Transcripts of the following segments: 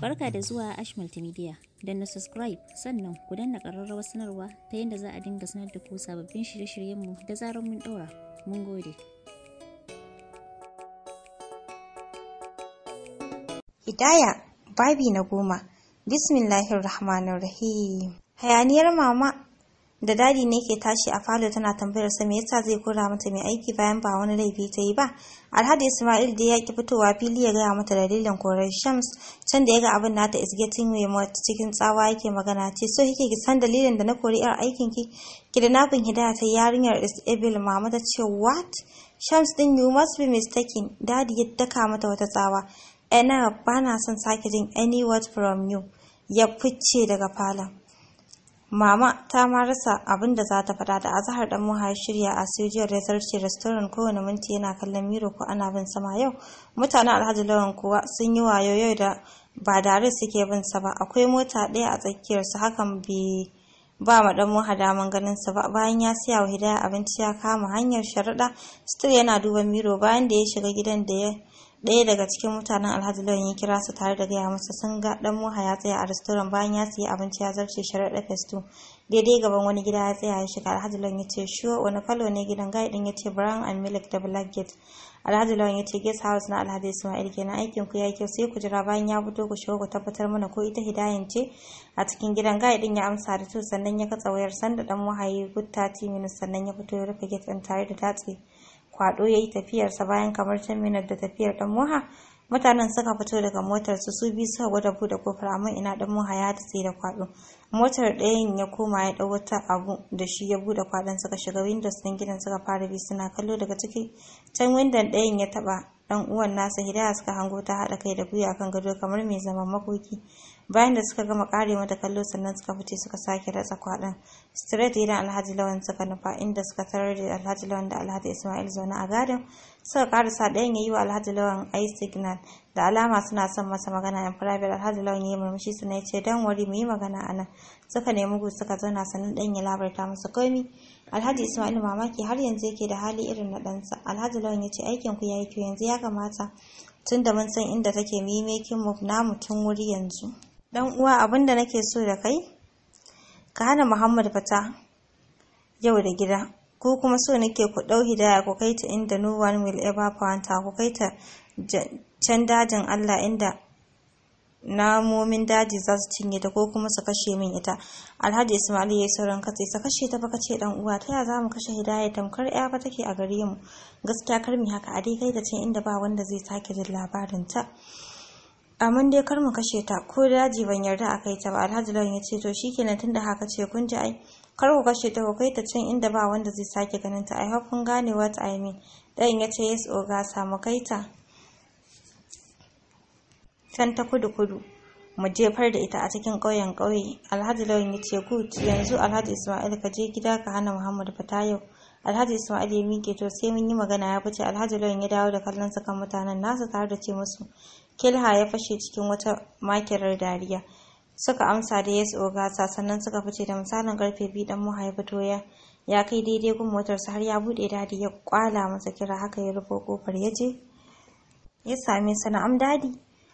Barka da zuwa Ash Multimedia. Don na subscribe sannan ku danna ƙararrawar sanarwa ta yadda za a dinga sanar da ku sababbin shirye-shiryenmu da zarar mun ɗora. Mun gode. Hidaya, babi na goma. Bismillahirrahmanirrahim. Hayaniyar mama da dadi ne ke tashi a falo tana tambayar sa me yasa zai kura mata mai aiki bayan ba wani laifi ta yi ba alhadi ismail da ya ki fitowa fili ya gaya mata dalilin korar shams can da ya ga abin nata is getting way cikin tsawa yake magana ce so kike ki san dalilin da na kori yar aikin ki ki da kidnapping hidaya ta yarinyar is evil mama ta ce what shams din you must be mistaken dadi ya daka mata wata tsawa enough ba na son sake jin any word from you ya fice daga falon Mama ta ma rasa abin da za ta faɗa da azahar dan muha ya shirya a Sujiyar Resorti Restaurant kowane minti yana kallon Miro ko ana bin sama yau. Mutanen Alhaji Lawan kuwa sun yi wayo yau da ba dare suke bin sa ba. Akwai mota ɗaya a tsakiyar su hakan bai ba ma dan muha daman ganin sa ba bayan ya siya wa Hidaya abinci ya kama hanyar sharaɗa. Still yana duban Miro bayan da ya shiga gidan da ya daya daga cikin mutanen alhaji lawan ya kira su tare da gaya masa sun ga dan muha ya tsaya a restoran bayan ya siya abinci ya zarce sharaɗa festo daidai gaban wani gida ya tsaya ya shiga alhaji lawan ya ce shuwa wani kalo ne gidan gai din ya ce brown and milk da black gate alhaji lawan ya ce guest house na alhaji ismail kenan aikin ku ya kyau sai ku jira bayan ya fito ku shigo ku tabbatar mana ko ita hidayen ce a cikin gidan gai din ya amsa da to sannan ya katsa wayar sanda dan muha ya yi gutta ti sannan ya fito ya rufe gate din tare da datse kwado ya yi tafiyarsa bayan kamar can minar da tafiyar dan muha mutanen suka fito daga motar su su biyu suka gwada buɗe kofar amma ina dan muha ya tsaye da kwado motar ɗayan ya koma ya ɗau wata abu da shi ya buɗe kwadon suka shiga windows din gidan suka fara bi suna kallo daga ciki can windon ɗayan ya taɓa dan uwan nasa hidaya suka hango ta haɗa kai da guya kan gado kamar mai zaman makoki bayan da suka gama kare mata kallo sannan suka fice suka sake ratsa kwaɗin straight idan alhaji lawan suka nufa inda suka tarar da alhaji lawan da alhaji ismail zaune a gadin suka karasa ɗayan ya yi wa alhaji lawan ai signal da alama suna son masa magana yan private alhaji lawan ya yi murmushi su na ce dan wari mu yi magana a nan suka nemi gu suka zauna sannan dan ya labarta musu komi alhaji ismail mamaki har yanzu yake da hali irin na ɗansa alhaji lawan ya ce aikin ku ya yi kyau yanzu ya kamata tun da mun san inda take mimekin mu namu tun wuri yanzu Dan uwa abin da nake so da kai, ka hana Muhammad fita yau da gida, ko kuma so nake ku ɗau hidaya ku kai ta inda no one will ever find her ku kai ta can dajin Allah inda namomin daji za su cinye ta ko kuma su kashe min ita alhaji ismail ya yi sauran katse sa kashe ta baka ce dan uwa ta ya za mu kashe hidaya tamkar ya ba take a gare mu gaskiya kar haka a dai kai ta can inda ba wanda zai sake jin labarin ta amma dai kar mu kashe ta ko daji ban yarda a kai ta ba Alhaji Lawan ya ce to shikenan tunda haka ce kun ji ai kar ku kashe ta ko kai ta can inda ba wanda zai sake ganin ta I hope kun gane what I mean dan ya ce yes oga samu kai ta can ta kudu kudu mu jefar da ita a cikin ƙauyen ƙauye alhaji lawan ya ce good yanzu alhaji ismail ka je gida ka hana muhammad fita yau alhaji ismail ya miƙe to sai mun yi magana ya fice alhaji lawan ya dawo da kallon sa kan mutanen nasu tare da ce musu Kilha ya fashe cikin wata makirar dariya. Suka amsa da yes ogasa sannan suka fice da misalin karfe biyu dan muha ya ya kai daidai gun motarsa har ya bude dadi ya kwala masa kira haka ya rufe kofar ya je. Ya same su na'am dadi.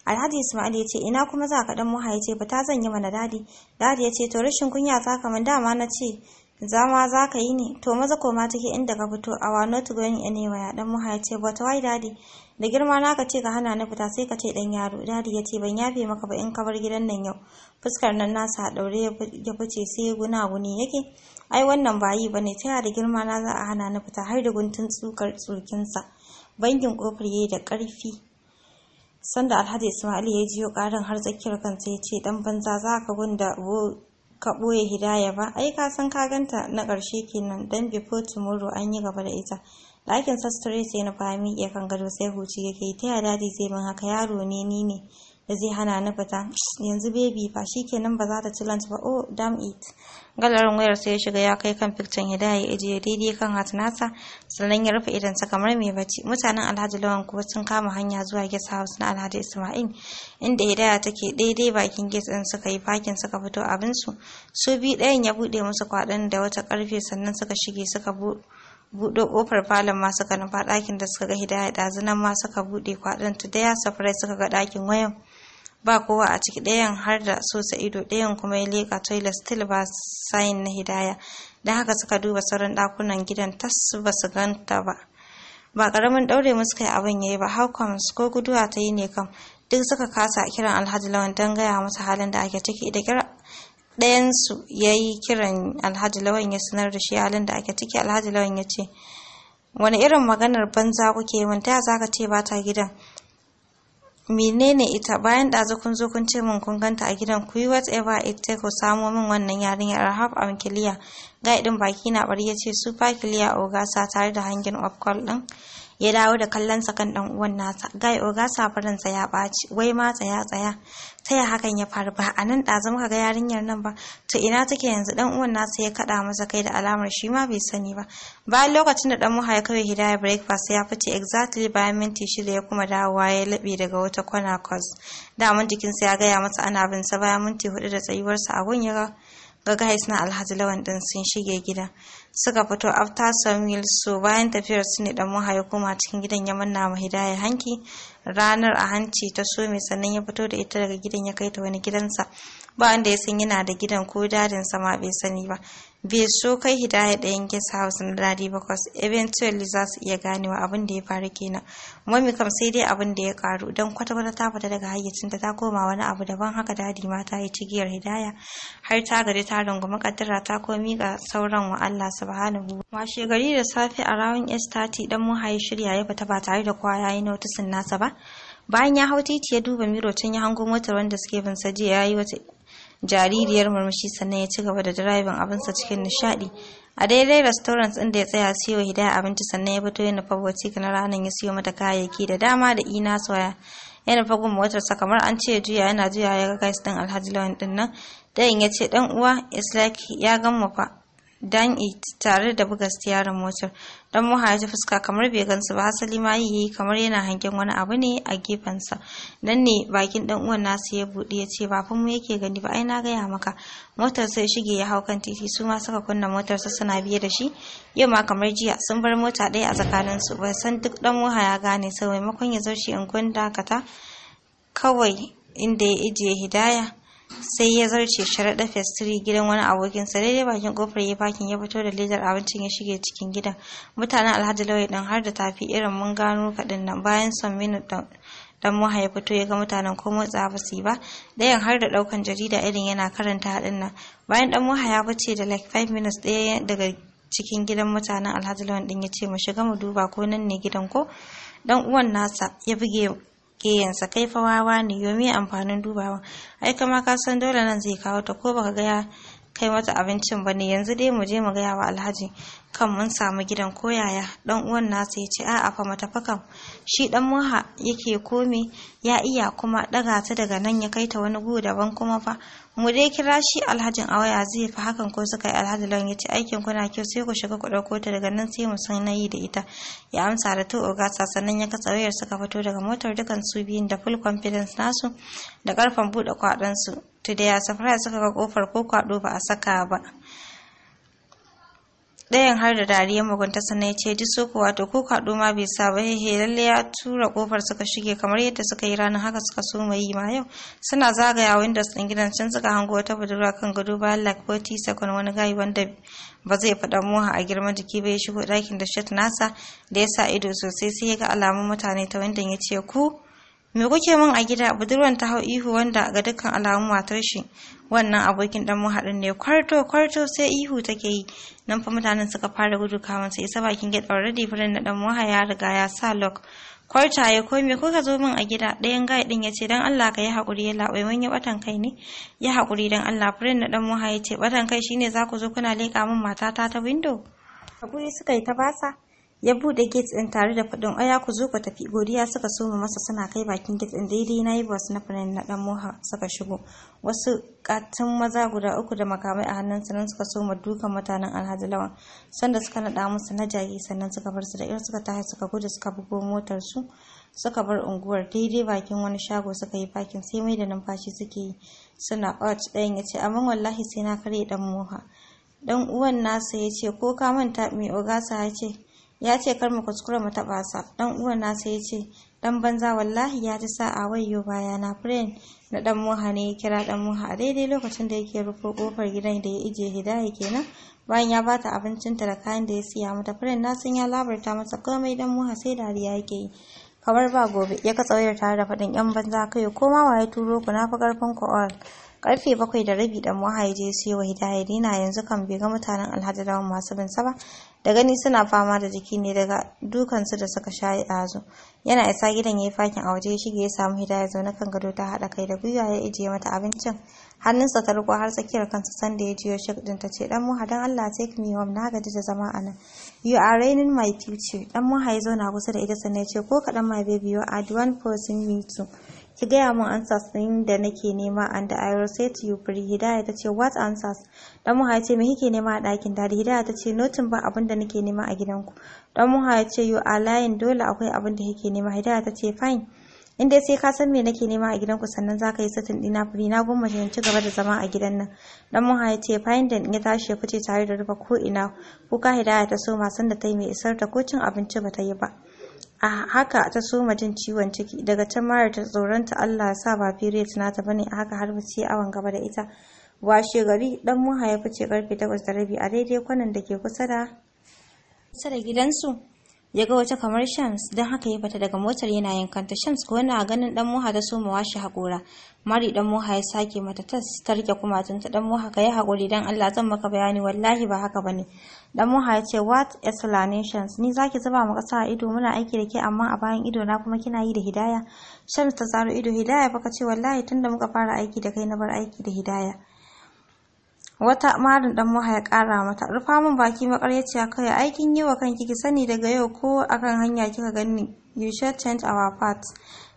Alhaji Ismail ya ce ina kuma za ka dan mu ce ba ta zan yi mana dadi. Dadi ya ce to rashin kunya za ka kamar dama na ce Zama za ka yi ne, to maza koma take inda ka fito a wano to going anywhere dan muha ya ce but why daddy da girma na ka ce ka hana na fita sai ka ce dan yaro daddy ya ce ban yafe maka ba in ka bar gidan nan yau fuskar nan nasa a daure ya fice sai guna guni yake ai wannan ba yi ne ta da girma na za a hana na fita har da guntun tsukar tsurkinsa bangin kofar yayi da karfi sanda alhaji ismail ya jiyo karin har tsakiyar kansa ya ce dan banza za ka gunda ka ɓoye hidaya ba ai ka san ka ganta na ƙarshe kenan dan before tomorrow an yi gaba da ita ɗakin sa sai na fahimi ya kan gado sai huci yake ta ya dadi zai min haka yaro ne ni ne da zai hana ni fita yanzu baby fa shikenan ba za ta ci lunch ba oh damn it galarin wayar sai ya shiga ya kai kan fikcin hidaya ya je daidai kan hatunasa sannan ya rufe idansa kamar mai bacci mutanen alhaji lawan kuwa sun kama hanya zuwa guest house na alhaji isma'il inda hidaya take daidai bakin guest din suka yi fakin suka fito abin su bi ɗayan ya buɗe musu kwaɗin da wata ƙarfe sannan suka shige suka bu buɗe ƙofar falon ma suka nufa ɗakin da suka ga hidaya ɗazunan ma suka buɗe kwaɗin ta da ya safarai suka ga ɗakin wayan ba kowa a ciki ɗayan har da sosa ido ɗayan kuma ya leka toilet still ba sayin na hidaya da haka suka duba sauran ɗakunan gidan tas ba su ganta ba ba ƙaramin ɗaure musu kai abin ya yi ba how comes ko guduwa ta yi ne kam duk suka kasa kiran alhaji lawan don gaya masa halin da ake ciki da kira ɗayansu ya yi kiran alhaji lawan ya sanar da shi halin da ake ciki alhaji lawan ya ce wani irin maganar banza kuke yi wanda za ka ce ba ta gidan menene ita bayan ɗazu kun zo kun ce mun kun ganta a gidan ku yi whatever it take ku samo min wannan yarinyar rahab am kiliya ga idin baki na bari ya ce super kiliya ogasa tare da hangin of call din ya dawo da kallon sa kan dan uwan nasa gai oga safaransa ya ɓaci wai ma tsaya tsaya taya hakan ya faru ba anan nan ɗazu muka ga yarinyar nan ba to ina take yanzu dan uwan nasa ya kaɗa masa kai da alamar shi ma bai sani ba bayan lokacin da dan muha ya kai hidaya breakfast ya fice exactly bayan minti shida ya kuma dawowa ya labe daga wata kwana mun jikin jikinsa ya gaya masa ana bin sa bayan minti hudu da tsayuwarsa a gun ya ga guys na alhaji lawan din sun shige gida suka fito after samuel so bayan tafiyar su ne dan muha ya koma cikin gidan ya manna ma hidaya hanki ranar a hanci ta so mai sannan ya fito da ita daga gidan ya kai ta wani gidansa ba wanda ya san yana da gidan ko dadin sama bai sani ba bai so kai hidaya ɗayan guest house na dadi ba kwas? eventually za su iya ganewa abin da ya faru kenan mami kam sai dai abin da ya karu don kwata-kwata ta fita daga hayyacinta ta koma wani abu daban haka dadi ma ta yi cigiyar hidaya har ta gari ta rungumi kaddara ta komi mika sauran wa Allah subhanahu washe gari da safe a rawun estati 30 dan muhayi shirya ya fita ba tare da kowa yayi notisin nasa ba bayan ya hau titi ya duba miro can ya hango motar wanda suke bin saje ya yi wata jaririyar murmushi sannan ya ci gaba da direbin abinsa cikin nishadi a daidai restaurant din da ya tsaya siyo hidaya abinci sannan ya fito yana nufa cikin na ranar ya siyo mata kayayyaki da dama da ina soya ya nufa motar motarsa kamar an ce juya yana juya ya ga gais din alhaji lawan ɗin nan dan ya ce dan uwa islaki ya gama fa dan it tare da buga stiyarin motar dan muha ya fuska kamar bai gansu ba hasali ma yi kamar yana hangen wani abu ne a gefensa dan ne bakin dan uwan nasu ya buɗe ya ce ba fa mu yake gani ba ai na gaya maka motar sai shige ya hau kan titi su ma suka kunna motar su suna biye da shi yau ma kamar jiya sun bar mota ɗaya a tsakanin su bai san duk dan muha ya gane sai maimakon ya zo shi in gunda kata kawai inda ya ije hidaya sai ya zarce sharaɗa festiri gidan wani abokinsa daidai bakin kofar ya fakin ya fito da ledar abincin ya shige cikin gidan mutanen alhaji lauyi ɗin har da tafi irin mun gano kaɗin nan bayan son minu dan muha ya fito ya ga mutanen ko motsa ba su ba dayan har da ɗaukan jarida irin yana karanta haɗin nan bayan dan muha ya fice da like 5 minutes ɗaya daga cikin gidan mutanen alhaji lawan din ya ce mu shiga mu duba ko nan ne gidan ko dan uwan nasa ya buge ke yansa kai fa wawa ne yomi amfanin dubawa ai kama ka san dole nan zai kawo ta ko baka gaya kai mata abincin ba ne yanzu dai mu je mu gaya wa alhaji kan mun samu gidan koyaya dan uwan nasa ya ce a'a fa mata fa kam shi dan muha yake kome ya iya kuma daga ta daga nan ya kai ta wani gu daban kuma fa mu dai kira shi alhajin a waya zai fi hakan ko suka yi alhaji ya ce aikin kuna kyau sai ku shiga ku ɗauko ta daga nan sai mu san nayi da ita ya amsa da to ogasa sannan ya katsa wayar suka fito daga motar dukan su biyun da full confidence nasu da karfan buɗe-kwaɗon su to da ya safara suka ga kofar ko kwaɗo ba a saka ba ɗayan har da dariyar mugunta sannan ya ce diso kuwa to ko kaɗo ma bai sa ba hehe lalle ya tura kofar suka shige kamar yadda suka yi ranar haka suka so mai yi ma yau suna zagaya wanda ɗin gidan can suka hango wata budurwa kan gado bayan lak 40 second wani gayi wanda ba zai faɗa moha a girman jiki ba ya shigo ɗakin da shirt nasa da ya sa ido sosai sai ya ga alamun mutane ta wanda ya ce ku me kuke min a gida budurwan ta hau ihu wanda ga dukkan alamu matar shi wannan abokin dan hadin ne kwarto kwarto sai ihu take yi nan fa mutanen suka fara gudu kawai sai isa bakin get already farin na dan muha ya riga ya sa lock kwarta ya me kuka zo min a gida dayan gaya din ya ce don Allah ka yi hakuri ya labai mun yi batan kai ne ya hakuri dan Allah farin na ɗan muha ya ce batan kai shine za ku zo kuna leka min matata ta window. hakuri suka yi ta basa ya bude gate din tare da fadin aya ku zo ku tafi godiya suka soma masa suna kai bakin gate din daidai nayi boss na friend na dan moha suka shigo wasu katun maza guda uku da makamai a hannun su nan suka soma dukan mutanen alhaji lawan sanda suka nada musu na jagi sannan suka bar su da irin suka tashi suka gudu suka bugo motar su suka bar unguwar daidai bakin wani shago suka yi fakin sai mai da numfashi suke yi suna out ɗayan ya ce amma wallahi sai na karya dan moha dan uwan nasa ya ko ka manta mai ogasa ya ce ya ce kar mu kuskure mu taba sa dan uwan sai ya ce dan banza wallahi ya ji sa'a wayo baya na friend na dan muha ne ya kira dan muha a daidai lokacin da yake rufo kofar gidan da ya ije hidaya kenan bayan ya bata ta da kayan da ya siya mata friend na san ya labarta masa komai dan muha sai dariya yake yi kamar ba gobe ya ka tsawayar tare da faɗin yan banza kai ko ma waye turo ku na fi ƙarfin ku all Karfe bakwai da rabi dan wahaye je yi wa Hidaya dina yanzu kan bai mutanen Alhaji masu bin saba Da gani suna fama da jiki ne daga dukansu da suka sha ɗazu. Yana isa gidan yayi fakin a waje shige ya samu Hidaya zaune kan gado ta haɗa kai da gwiwa ya ijiye mata abincin. Hannunsa ta riko har tsakiyar kansa sanda ya jiyo shek din ta ce dan muha dan Allah take me home na gaji da zama a nan. You are raining my future. Dan muha ya zauna kusa da ita sannan ya ce ko kaɗan my baby you are the one person me ki gaya mun answers din da nake nema and I will say to you free hidaya ta ce what answers dan muha ya ce me kike nema a dakin da hidaya ta ce notin ba abin da nake nema a gidanku dan muha ya ce you are lying dole akwai abin da kike nema hidaya ta ce fine in dai sai ka san me nake nema a gidanku sannan zaka yi satin dina firi na goma in ci gaba da zama a gidan nan dan muha ya ce fine da ya tashi ya fice tare da rufe ko ina kuka hidaya ta so masan da ta yi mai isar ta ko cin abinci ba ta yi ba a haka ta soma jin ciwon ciki daga can mara ta tsoronta Allah sa ba period nata bane a haka har bace awan gaba da ita washe gari dan muha ya fice karfe 8 da rabi a daidai kwanan da ke kusa da kusa da gidansu ya ga wata kamar Shams don haka ya fita daga motar yana yankanta Shams ko na ganin dan Moha ta soma washe hakora Mari dan Moha ya sake mata tas ta rike kumatun ta dan Moha ka yi hakuri dan Allah zan maka bayani wallahi ba haka bane dan Moha ya ce what explanations ni zaki zuba maka sa ido muna aiki da ke amma a bayan ido na kuma kina yi da hidaya Shams ta tsaro ido hidaya baka ce wallahi tunda muka fara aiki da kai na bar aiki da hidaya Wata marin dan Muha ya kara mata, rufa min baki makaryaciya kai aikin yi wa kanki ki sani daga yau ko akan hanya kika gani you should change our path.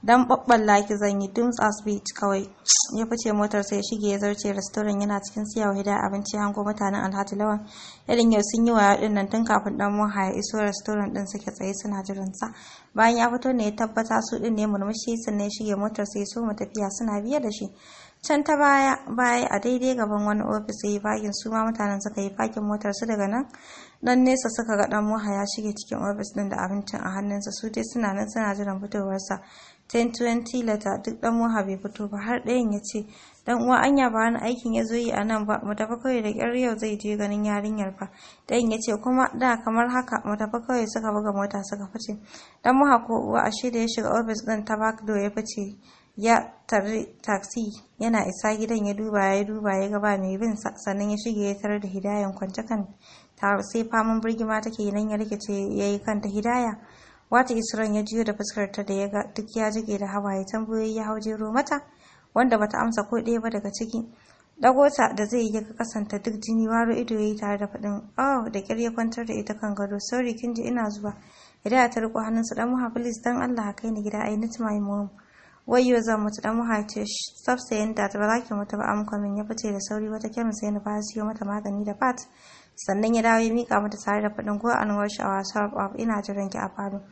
Dan babballa ki zanyi dooms as beach kawai. Ya fice motar sai shige ya zarce restaurant yana cikin siya hida abinci hango mutanen Alhaji Lawan. Irin yau sun yi waya din nan tun kafin dan maha ya iso restaurant din suke tsaye suna jiran sa. Bayan ya fito ne ya tabbata su din ne murmushi sannan ya shige motar sai su mu tafiya suna biye da shi. can ta baya baya a daidai gaban wani ofis ya yi fakin su ma mutanen suka yi fakin motar su daga nan dan nesa suka ga dan muha ya shige cikin ofis din da abincin a hannunsa su dai suna nan suna jiran sa 1020 letter duk dan moha bai fito ba har ɗayan ya ce dan uwa anya ba wani aikin ya zo yi a nan ba mu tafi kawai da ƙyar yau zai je ganin yarinyar fa ɗayan ya ce kuma da kamar haka mu tafi kawai suka buga mota suka fice dan muha ko uwa ashe da ya shiga ofis din ta bakdo ya fice ya tarri taksi yana isa gidan ya duba ya duba ya gaba mai bin sa sannan ya shige ya tarar da hidayan kwance kan sai faman birgima take nan ya rikice ya yi kanta hidaya wata isran ya jiyo da fuskar ta da ya ga duk ya jige da hawaye tambayoyi ya hau jero mata wanda bata amsa ko ɗaya ba daga ciki dagota da zai yi ga kasanta duk jini waro ido yayi tare da faɗin oh da kyar ya kwantar da ita kan gado sorry kin ji ina zuwa hidaya ta riko hannunsa dan muha please dan Allah ka kai ni gida ai nit my wayyo zan mutu dan muhace tsafsa yanda ta ba ki mutu ba am ya fice da sauri wata sai na fara siyo mata magani da fat sannan ya dawo ya mika mata tare da faɗin go an wash a self up ina jiran ki a falo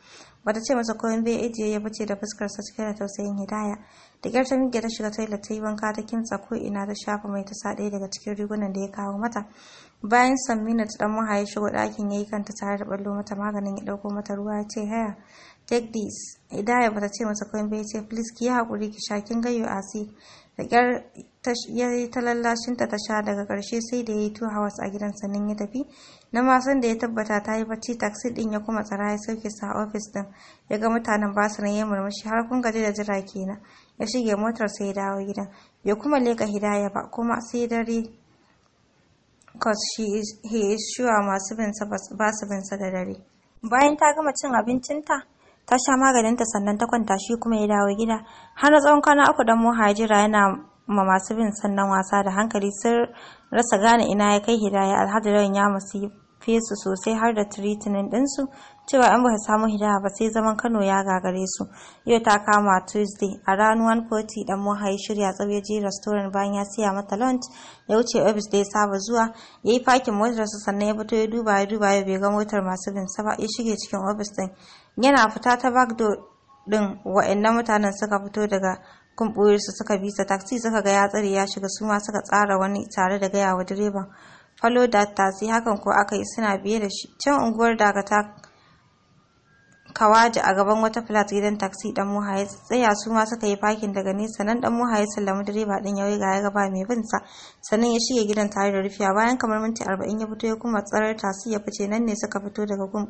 bata ce masa komai bai ajiye ya fice da fuskar sa cike da tausayin hidaya da kyar ta miƙe ta shiga taila ta yi wanka ta kimsa ko ina ta shafa mai ta sa ɗaya daga cikin rigunan da ya kawo mata bayan sammina ta dan ya shigo ɗakin ya yi kanta tare da ɓallo mata maganin ya ɗauko mata ruwa ya ce haya take this idaya bata ce masa kawai ya ce please ki yi haƙuri ki sha kin gayyo a da ƙyar ya yi ta lallashinta ta tasha daga karshe sai da ya yi tuwa hawas a gidan sannan ya tafi na masan da ya tabbata ta yi bacci taxi din ya kuma tsara ya sauke sa ofis din ya ga mutanen basu na ya murmushi har kun gaji da jira kenan ya shige motar sai ya dawo gidan ya kuma leka hidaya ba kuma sai dare cause she is he is sure masu bin ba su bin da dare bayan ta gama cin abincinta ta sha maganinta sannan ta kwanta shi kuma ya dawo gida har na tsawon kwana uku dan muhajira yana ma masu bin sannan wasa da hankali sun rasa gane ina ya kai hidaya ran ya masu fesu sosai har da tiritinin dinsu cewa an ba samu hidaya ba sai zaman kano ya gagare su yau ta kama tuesday a ranar 140 dan moha ya shirya je restaurant bayan ya siya mata lunch ya wuce ofis da ya saba zuwa ya yi fakin motarsa sannan ya fito ya duba ya duba ya bai motar masu bin ba ya shige cikin ofis din yana fita ta backdoor din wa'annan mutanen suka fito daga gun suka bi ta taxi suka ga ya tsare ya shiga suma suka tsara wani tare da gaya wa direban falo da tasi hakan ko aka yi suna biye da shi can unguwar dakata kawaje a gaban wata flat gidan taxi dan muha ya tsaya su suka yi fakin daga nesa nan dan muha ya sallami direba din ya waiga ya gaba mai bin sa sannan ya shige gidan tare da rufiya bayan kamar minti arba'in ya fito ya kuma tsarar tasi ya fice nan ne suka fito daga gun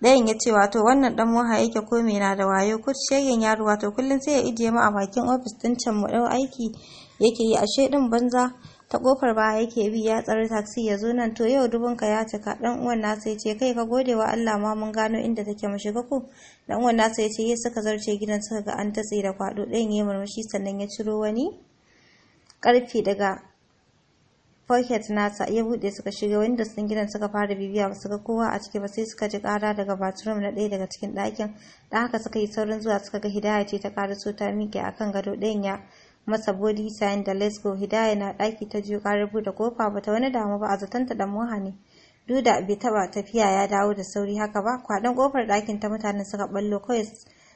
Ɗayan ya ce wato wannan dan waha yake ko me na da wayo ko shegen yaro wato kullun sai ya ijiye mu a bakin ofis din can mu dau aiki yake yi ashe din banza ta kofar ba yake bi ya tsare taxi ya zo nan to yau ka ya cika dan uwan na ya ce kai ka gode wa Allah ma mun gano inda take mu shiga ku dan uwan na ya ce yi suka zarce gidan suka ga an tatse da kwado ɗayan ya murmushi sannan ya ciro wani karfi daga foket nasa ya bude suka shiga windows sun gidan suka fara bibiya ba su ga kowa a ciki ba sai suka ji kara daga bathroom na ɗaya daga cikin ɗakin da haka suka yi saurin zuwa suka ga hidaya ce ta ƙara so ta miƙe kan gado ɗayan ya masa body sign da let's go hidaya na ɗaki ta jiyo ƙarar bude kofa ta wani damu ba a zatanta da muha ne duda bai taɓa tafiya ya dawo da sauri haka ba kwaɗan kofar ɗakin ta mutanen suka ballo kawai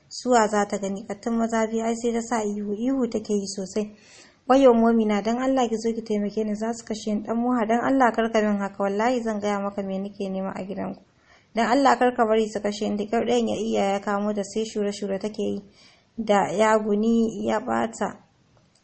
suwa za ta gani ƙattun maza biyu ai sai ta sa ihu ihu take yi sosai wayo momina dan Allah ki zo ki taimake ni za su kashe ni dan muha dan Allah karka min haka wallahi zan gaya maka me nake nema a gidanku dan Allah karka bari su kashe ni kyau ɗayan ya iya ya kamo da sai shure shure take yi da ya guni ya bata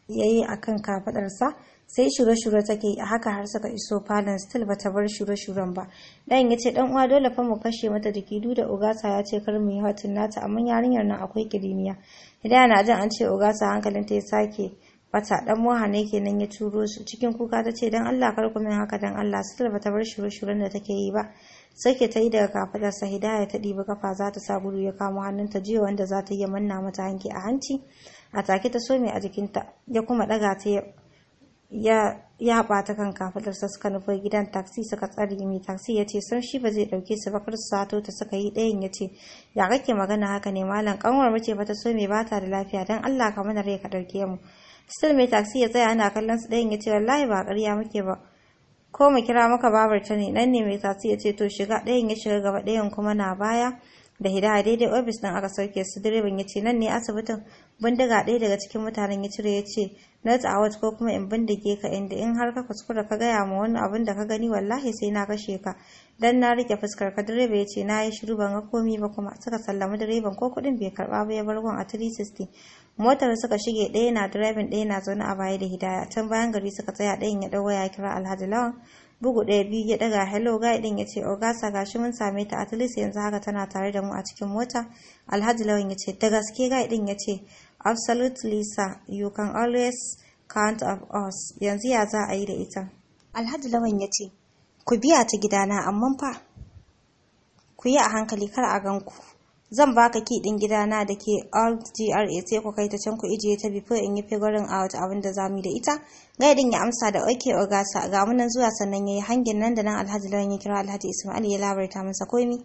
yayi akan kafadarsa sai shure-shure take a haka har suka iso falon still bata bar shure-shuren ba dan yace dan uwa dole fa mu kashe mata jiki duk da ogasa ya ce kar mu yi hatin nata amma yarinyar nan akwai kiriniya idan na jin an ce ogasa hankalinta ya sake wata dan moha ne kenan ya turo su cikin kuka ta ce dan Allah kar ku min haka dan Allah Silva ta bar shirye-shiryen da take yi ba sake ta yi daga sa hidaya ta dibi kafa za ta sa gudu ya kamo hannunta jiya wanda za ta yi manna mata hanki a hanci a take ta some a jikinta ya kuma ɗaga ta ya ya ɓata kan sa suka nufi gidan taxi suka tsare mai taxi ya ce san shi ba zai ɗauke su ba kar su sato ta suka yi ɗayan ya ce ya kake magana haka ne malam kanwar mace ba ta so mai bata da lafiya dan allah ka mana rai ka ɗauke mu Sitar mai tasi ya tsaya ana kallon su ɗayan ya ce wallahi ba ƙarya muke ba ko mu kira maka babar ta ne nan ne mai taksi ya ce to shiga ɗayan ya shiga gaba ɗayan kuma na baya da hidaya daidai ofis ɗin aka sauke su direban ya ce nan ne asibitin bindiga ɗaya daga cikin mutanen ya cire ya ce not out ko kuma in bindige ka inda in har ka kuskura ka gaya ma wani abin da ka gani wallahi sai na kashe ka dan na rike fuskar ka direba ya ce na yi shiru ban ga komi ba kuma suka sallami direban ko kuɗin bai karɓa ba ya bar gon a 360 motar suka shige ɗaya na direbin ɗaya na zaune a baya da hidaya can bayan gari suka tsaya ɗayan ya ɗau ya kira alhaji lawan bugu ɗaya biyu ya ɗaga hello guy ɗin ya ce ogasa oh, gashi mun same ta at least yanzu haka tana tare da mu a cikin mota alhaji lawan ya ce da gaske guy ɗin ya ce absolutely sir you can always count of us yanzu ya za a yi da ita alhaji lawan ya ce ku biya ta gidana amma fa ku yi a hankali kar a gan ku zan baka ki din na da ke old gra sai ku kai ta can ku ijiye ta before in yi figuring out abin da zamu yi da ita gaidin ya amsa da oke ogasa ga munan zuwa sannan ya yi hangin nan da nan alhaji lawan ya kira alhaji ismail ya labarta masa komi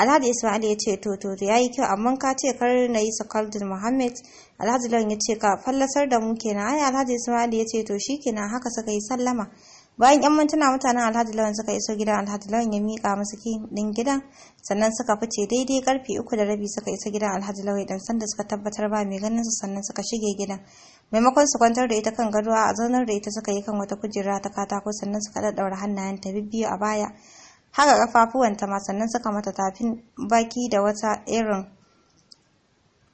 alhaji ismail ya ce to to ya yi kyau amma ka ce kar na yi sakaldin muhammad alhaji lawan ya ce ka fallasar da mu kenan ai alhaji ismail ya ce to shikenan haka suka yi sallama bayan yan mintuna mutanen alhaji lawan suka iso gidan alhaji lawan ya mika musu kin din gidan sannan suka fice daidai karfe uku da rabi suka isa gidan alhaji lawan dan sanda suka tabbatar ba mai ganin su sannan suka shige gidan maimakon su kwantar da ita kan gado a zaunar da ita suka yi kan wata kujera ta katako sannan suka daddaura hannayen ta bibbiyo a baya haka kafafuwan ta ma sannan suka mata tafin baki da wata irin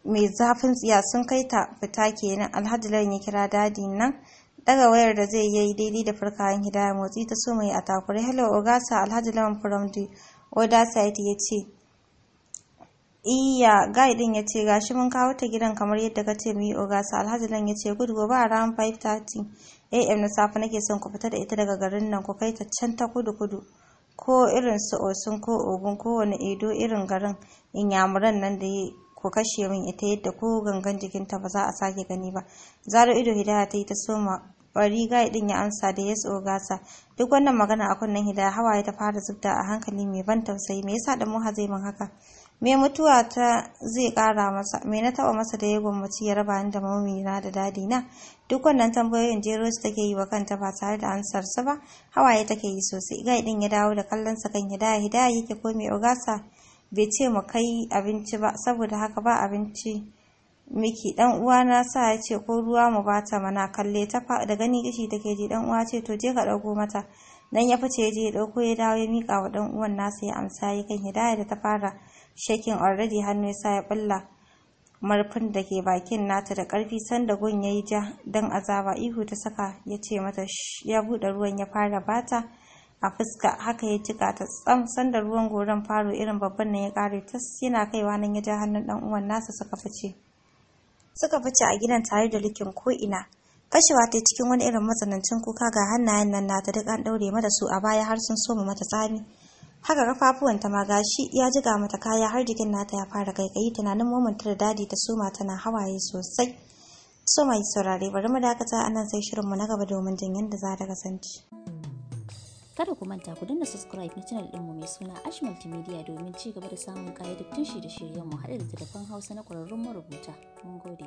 mai zafin tsiya sun kai ta fita kenan alhaji lawan ya kira dadi nan daga wayar da zai yi daidai da farkawar hidayar motsi ta so mai a takure hello ogasa alhaji lawan from the site ya ce iya guy din ya ce gashi mun kawo ta gidan kamar yadda ka ce mu yi ogasa alhaji lawan ya ce good gobe a ran 5:30 am na safe nake son ku fita da ita daga garin nan ku kai ta can ta kudu kudu ko irin su osun ko ogun ko wani edo irin garin inyamuran nan da ku kashe min ita yadda ko gangan jikinta ba za a sake gani ba zaro ido hidaya ta yi ta soma Origai din ya amsa da yas ogasa. Duk wannan magana a kunnen hida hawaye ta fara zubta a hankali mai ban tausayi me yasa da muha zai min haka? Me mutuwa ta zai kara masa? Me na taba masa da ya gwammaci ya raba ni da mamina da dadi na? Duk wannan tambayoyin jero su take yi wa kanta ba tare da ansar sa ba. Hawaye take yi sosai. Gai din ya dawo da kallon sa kan hidaya hidaya yake ko mai ogasa? Bai ce mu kai abinci ba saboda haka ba abinci. miki dan uwa sa ya ce ko ruwa mu bata mana kalle ta fa da gani kishi take ji dan uwa ce to je ka dauko mata dan ya fice je ya dauko ya dawo ya mika wa dan uwan nasa ya amsa ya kan hidaya da ta fara shakin already hannu ya sa ya balla marfin da ke bakin nata da karfi sanda gun yayi ja dan azaba ihu ta saka ya ce mata ya bude ruwan ya fara bata a fuska haka ya jika ta tsam sanda ruwan goron faro irin babban nan ya kare tas yana kaiwa nan ya ja hannun dan uwan nasa suka fice suka fice a gidan tare da likin ko'ina fashewa ta cikin wani irin matsanancin kuka ga hannayen nan nata duk an daure mata su a baya har sun soma mata tsami haka kafafuwanta ma gashi ya jiga mata kaya har jikin nata ya fara kaikayi tunanin momanta da dadi ta soma tana hawaye sosai so mai saurare bari mu dakata anan sai shirinmu na gaba domin jin yadda za ta kasance. Kada ku manta ku danna subscribe na channel ɗinmu mai suna Ash Multimedia domin ci gaba da samun ƙayyadattun shirye shiryen mu da telefon Hausa na ƙwararrun marubuta. Mun gode.